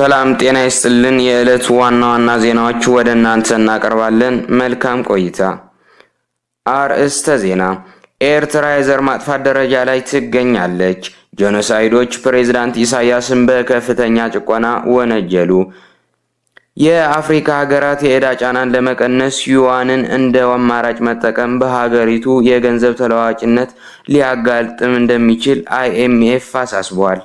ሰላም ጤና ይስጥልን። የዕለቱ ዋና ዋና ዜናዎች ወደ እናንተ እናቀርባለን። መልካም ቆይታ። አርእስተ ዜና ኤርትራ የዘር ማጥፋት ደረጃ ላይ ትገኛለች። ጄኖሳይዶች ፕሬዝዳንት ኢሳያስን በከፍተኛ ጭቆና ወነጀሉ። የአፍሪካ ሀገራት የዕዳ ጫናን ለመቀነስ ዩዋንን እንደ አማራጭ መጠቀም በሀገሪቱ የገንዘብ ተለዋዋጭነት ሊያጋልጥም እንደሚችል አይኤምኤፍ አሳስቧል።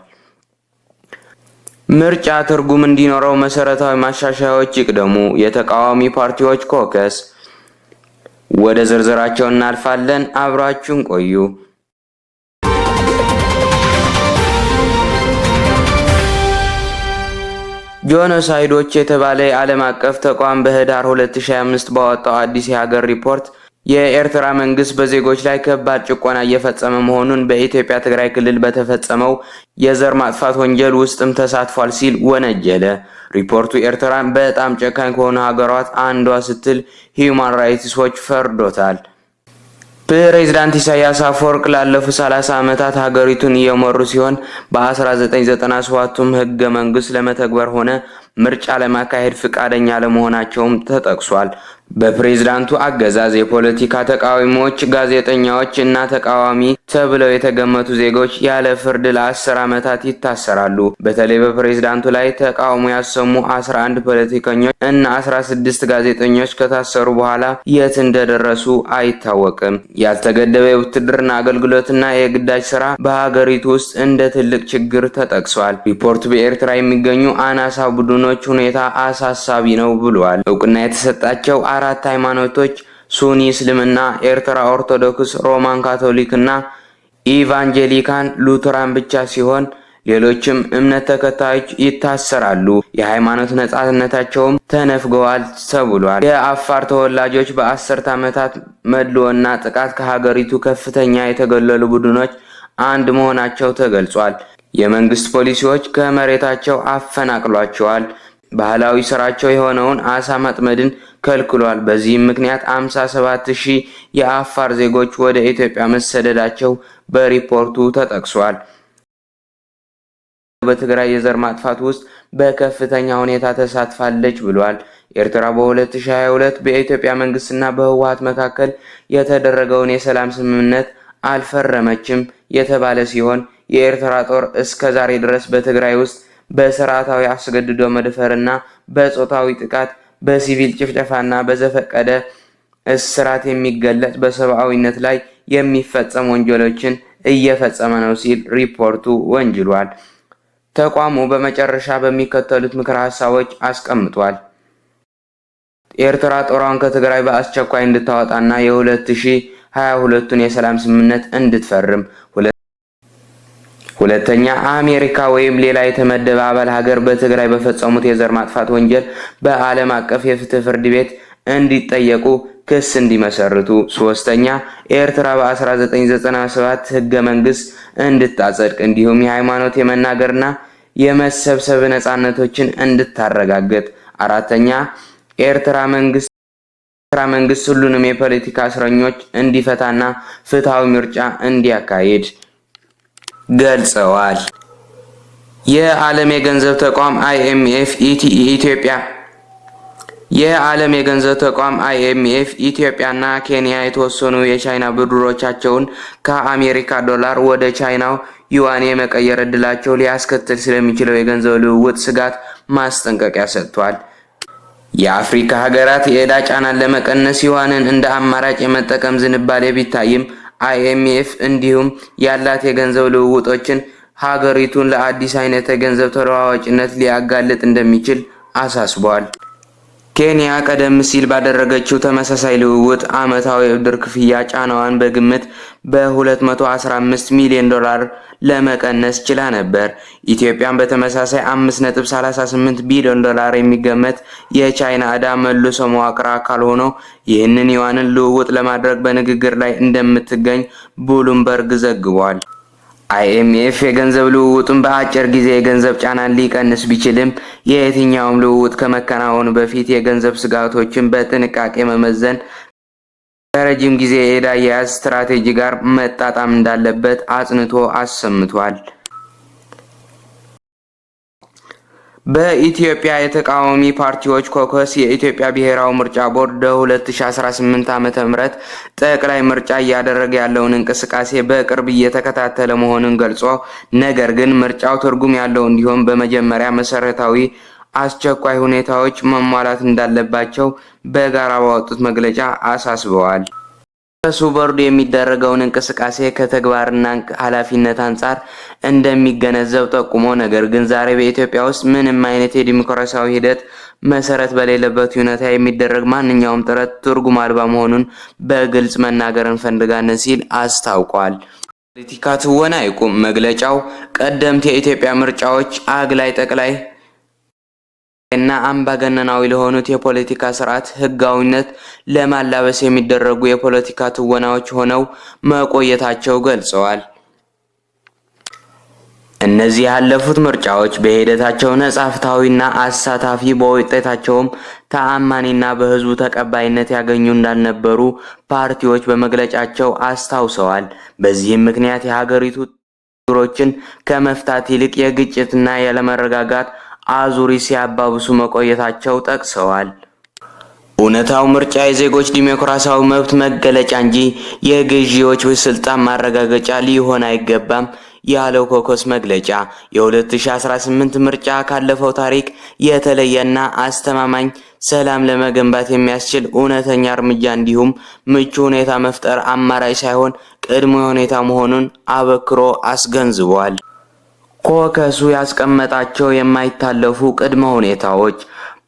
ምርጫ ትርጉም እንዲኖረው መሰረታዊ ማሻሻያዎች ይቅደሙ። የተቃዋሚ ፓርቲዎች ኮከስ ወደ ዝርዝራቸው እናልፋለን። አብራችሁን ቆዩ። ጆኖሳይዶች የተባለ የዓለም አቀፍ ተቋም በህዳር 2025 ባወጣው አዲስ የሀገር ሪፖርት የኤርትራ መንግስት በዜጎች ላይ ከባድ ጭቆና እየፈጸመ መሆኑን በኢትዮጵያ ትግራይ ክልል በተፈጸመው የዘር ማጥፋት ወንጀል ውስጥም ተሳትፏል ሲል ወነጀለ። ሪፖርቱ ኤርትራን በጣም ጨካኝ ከሆኑ ሀገሯት አንዷ ስትል ሂዩማን ራይትስ ዎች ፈርዶታል። ፕሬዚዳንት ኢሳያስ አፈወርቅ ላለፉት 30 ዓመታት ሀገሪቱን እየመሩ ሲሆን በ1997ቱም ህገ መንግስት ለመተግበር ሆነ ምርጫ ለማካሄድ ፍቃደኛ ለመሆናቸውም ተጠቅሷል። በፕሬዝዳንቱ አገዛዝ የፖለቲካ ተቃዋሚዎች፣ ጋዜጠኛዎች እና ተቃዋሚ ተብለው የተገመቱ ዜጎች ያለ ፍርድ ለአስር ዓመታት ይታሰራሉ። በተለይ በፕሬዝዳንቱ ላይ ተቃውሞ ያሰሙ 11 ፖለቲከኞች እና 16 ጋዜጠኞች ከታሰሩ በኋላ የት እንደደረሱ አይታወቅም። ያልተገደበ የውትድርና አገልግሎትና የግዳጅ ስራ በሀገሪቱ ውስጥ እንደ ትልቅ ችግር ተጠቅሷል። ሪፖርቱ በኤርትራ የሚገኙ አናሳ ቡድኖች ሁኔታ አሳሳቢ ነው ብሏል። እውቅና የተሰጣቸው አራት ሃይማኖቶች ሱኒ እስልምና፣ ኤርትራ ኦርቶዶክስ፣ ሮማን ካቶሊክ ኢቫንጀሊካን ሉተራን ብቻ ሲሆን ሌሎችም እምነት ተከታዮች ይታሰራሉ፣ የሃይማኖት ነጻነታቸውም ተነፍገዋል ተብሏል። የአፋር ተወላጆች በአስርት ዓመታት መድሎና ጥቃት ከሀገሪቱ ከፍተኛ የተገለሉ ቡድኖች አንድ መሆናቸው ተገልጿል። የመንግስት ፖሊሲዎች ከመሬታቸው አፈናቅሏቸዋል። ባህላዊ ስራቸው የሆነውን አሳ ማጥመድን ከልክሏል። በዚህም ምክንያት 57 ሺህ የአፋር ዜጎች ወደ ኢትዮጵያ መሰደዳቸው በሪፖርቱ ተጠቅሷል። በትግራይ የዘር ማጥፋት ውስጥ በከፍተኛ ሁኔታ ተሳትፋለች ብሏል። ኤርትራ በ2022 በኢትዮጵያ መንግስትና በህወሀት መካከል የተደረገውን የሰላም ስምምነት አልፈረመችም የተባለ ሲሆን የኤርትራ ጦር እስከ ዛሬ ድረስ በትግራይ ውስጥ በስርዓታዊ አስገድዶ መድፈርና በጾታዊ ጥቃት በሲቪል ጭፍጨፋና በዘፈቀደ እስራት የሚገለጽ በሰብአዊነት ላይ የሚፈጸም ወንጀሎችን እየፈጸመ ነው ሲል ሪፖርቱ ወንጅሏል። ተቋሙ በመጨረሻ በሚከተሉት ምክረ ሀሳቦች አስቀምጧል። ኤርትራ ጦሯን ከትግራይ በአስቸኳይ እንድታወጣና የ2022ቱን የሰላም ስምምነት እንድትፈርም ሁለተኛ አሜሪካ ወይም ሌላ የተመደበ አባል ሀገር በትግራይ በፈጸሙት የዘር ማጥፋት ወንጀል በዓለም አቀፍ የፍትህ ፍርድ ቤት እንዲጠየቁ ክስ እንዲመሰርቱ። ሶስተኛ ኤርትራ በ1997 ህገ መንግስት እንድታጸድቅ እንዲሁም የሃይማኖት የመናገርና የመሰብሰብ ነፃነቶችን እንድታረጋግጥ። አራተኛ ኤርትራ መንግስት ኤርትራ መንግስት ሁሉንም የፖለቲካ እስረኞች እንዲፈታና ፍትሃዊ ምርጫ እንዲያካሂድ ገልጸዋል። የዓለም የገንዘብ ተቋም አይኤምኤፍ ኢትዮጵያ የዓለም የገንዘብ ተቋም አይኤምኤፍ ኢትዮጵያና ኬንያ የተወሰኑ የቻይና ብድሮቻቸውን ከአሜሪካ ዶላር ወደ ቻይናው ዩዋን የመቀየር እድላቸው ሊያስከትል ስለሚችለው የገንዘብ ልውውጥ ስጋት ማስጠንቀቂያ ሰጥቷል። የአፍሪካ ሀገራት የዕዳ ጫናን ለመቀነስ ዩዋንን እንደ አማራጭ የመጠቀም ዝንባሌ ቢታይም አይኤምኤፍ እንዲሁም ያላት የገንዘብ ልውውጦችን ሀገሪቱን ለአዲስ አይነት የገንዘብ ተለዋዋጭነት ሊያጋልጥ እንደሚችል አሳስቧል። ኬንያ ቀደም ሲል ባደረገችው ተመሳሳይ ልውውጥ ዓመታዊ የብድር ክፍያ ጫናዋን በግምት በ215 ሚሊዮን ዶላር ለመቀነስ ችላ ነበር። ኢትዮጵያን በተመሳሳይ 5.38 ቢሊዮን ዶላር የሚገመት የቻይና ዕዳ መልሶ መዋቅር አካል ሆኖ ይህንን የዋንን ልውውጥ ለማድረግ በንግግር ላይ እንደምትገኝ ቡሉምበርግ ዘግቧል። አይኤምኤፍ የገንዘብ ልውውጡን በአጭር ጊዜ የገንዘብ ጫናን ሊቀንስ ቢችልም የየትኛውም ልውውጥ ከመከናወኑ በፊት የገንዘብ ስጋቶችን በጥንቃቄ መመዘን ከረጅም ጊዜ የዕዳ አያያዝ ስትራቴጂ ጋር መጣጣም እንዳለበት አጽንቶ አሰምቷል። በኢትዮጵያ የተቃዋሚ ፓርቲዎች ኮከስ የኢትዮጵያ ብሔራዊ ምርጫ ቦርድ በ2018 ዓ ም ጠቅላይ ምርጫ እያደረገ ያለውን እንቅስቃሴ በቅርብ እየተከታተለ መሆኑን ገልጾ ነገር ግን ምርጫው ትርጉም ያለው እንዲሆን በመጀመሪያ መሰረታዊ አስቸኳይ ሁኔታዎች መሟላት እንዳለባቸው በጋራ ባወጡት መግለጫ አሳስበዋል። ከሱ ቦርዱ የሚደረገውን እንቅስቃሴ ከተግባርና ኃላፊነት አንጻር እንደሚገነዘብ ጠቁሞ ነገር ግን ዛሬ በኢትዮጵያ ውስጥ ምንም አይነት የዲሞክራሲያዊ ሂደት መሰረት በሌለበት ሁኔታ የሚደረግ ማንኛውም ጥረት ትርጉም አልባ መሆኑን በግልጽ መናገር እንፈልጋለን ሲል አስታውቋል። ፖለቲካ ትወና ይቁም። መግለጫው ቀደምት የኢትዮጵያ ምርጫዎች አግላይ ጠቅላይ እና አምባገነናዊ ለሆኑት የፖለቲካ ስርዓት ህጋዊነት ለማላበስ የሚደረጉ የፖለቲካ ትወናዎች ሆነው መቆየታቸው ገልጸዋል። እነዚህ ያለፉት ምርጫዎች በሂደታቸው ነጻ፣ ፍትሐዊና አሳታፊ በውጤታቸውም ተአማኒና በህዝቡ ተቀባይነት ያገኙ እንዳልነበሩ ፓርቲዎች በመግለጫቸው አስታውሰዋል። በዚህም ምክንያት የሀገሪቱ ችግሮችን ከመፍታት ይልቅ የግጭትና ያለመረጋጋት አዙሪ ሲያባብሱ መቆየታቸው ጠቅሰዋል። እውነታው ምርጫ የዜጎች ዲሞክራሲያዊ መብት መገለጫ እንጂ የገዢዎች ስልጣን ማረጋገጫ ሊሆን አይገባም ያለው ኮከስ መግለጫ የ2018 ምርጫ ካለፈው ታሪክ የተለየና አስተማማኝ ሰላም ለመገንባት የሚያስችል እውነተኛ እርምጃ እንዲሁም ምቹ ሁኔታ መፍጠር አማራጭ ሳይሆን ቅድመ ሁኔታ መሆኑን አበክሮ አስገንዝቧል። ኮከሱ ያስቀመጣቸው የማይታለፉ ቅድመ ሁኔታዎች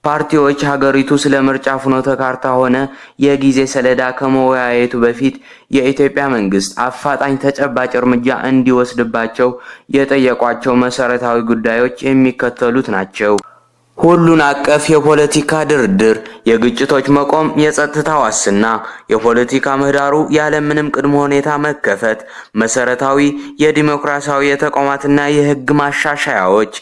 ፓርቲዎች ሀገሪቱ ስለ ምርጫ ፍኖተ ካርታ ሆነ የጊዜ ሰሌዳ ከመወያየቱ በፊት የኢትዮጵያ መንግስት አፋጣኝ ተጨባጭ እርምጃ እንዲወስድባቸው የጠየቋቸው መሰረታዊ ጉዳዮች የሚከተሉት ናቸው። ሁሉን አቀፍ የፖለቲካ ድርድር፣ የግጭቶች መቆም፣ የጸጥታ ዋስና፣ የፖለቲካ ምህዳሩ ያለምንም ቅድመ ሁኔታ መከፈት፣ መሰረታዊ የዲሞክራሲያዊ የተቋማትና የህግ ማሻሻያዎች፣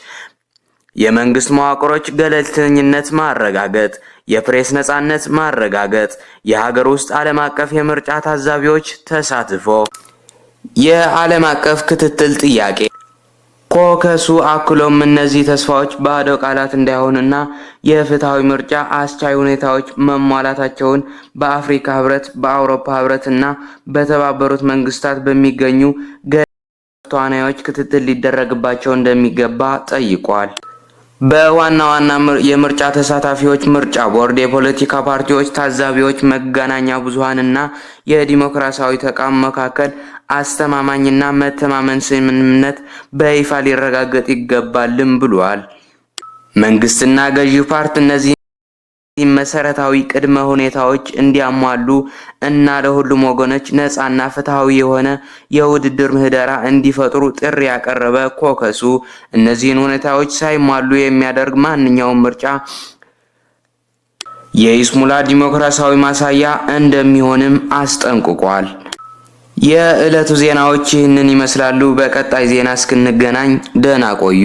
የመንግስት መዋቅሮች ገለልተኝነት ማረጋገጥ፣ የፕሬስ ነጻነት ማረጋገጥ፣ የሀገር ውስጥ ዓለም አቀፍ የምርጫ ታዛቢዎች ተሳትፎ፣ የዓለም አቀፍ ክትትል ጥያቄ ኮከሱ አክሎም እነዚህ ተስፋዎች ባዶ ቃላት እንዳይሆኑና የፍትሐዊ ምርጫ አስቻይ ሁኔታዎች መሟላታቸውን በአፍሪካ ህብረት፣ በአውሮፓ ህብረት እና በተባበሩት መንግስታት በሚገኙ ተዋናዮች ክትትል ሊደረግባቸው እንደሚገባ ጠይቋል። በዋና ዋና የምርጫ ተሳታፊዎች ምርጫ ቦርድ፣ የፖለቲካ ፓርቲዎች፣ ታዛቢዎች፣ መገናኛ ብዙሃን እና የዲሞክራሲያዊ ተቋም መካከል አስተማማኝና መተማመን ስምምነት በይፋ ሊረጋገጥ ይገባልም ብሏል። መንግስትና ገዢው ፓርቲ እነዚህ መሰረታዊ ቅድመ ሁኔታዎች እንዲያሟሉ እና ለሁሉም ወገኖች ነፃና ፍትሐዊ የሆነ የውድድር ምህደራ እንዲፈጥሩ ጥሪ ያቀረበ ኮከሱ እነዚህን ሁኔታዎች ሳይሟሉ የሚያደርግ ማንኛውም ምርጫ የይስሙላ ዲሞክራሲያዊ ማሳያ እንደሚሆንም አስጠንቅቋል። የዕለቱ ዜናዎች ይህንን ይመስላሉ። በቀጣይ ዜና እስክንገናኝ ደህና ቆዩ።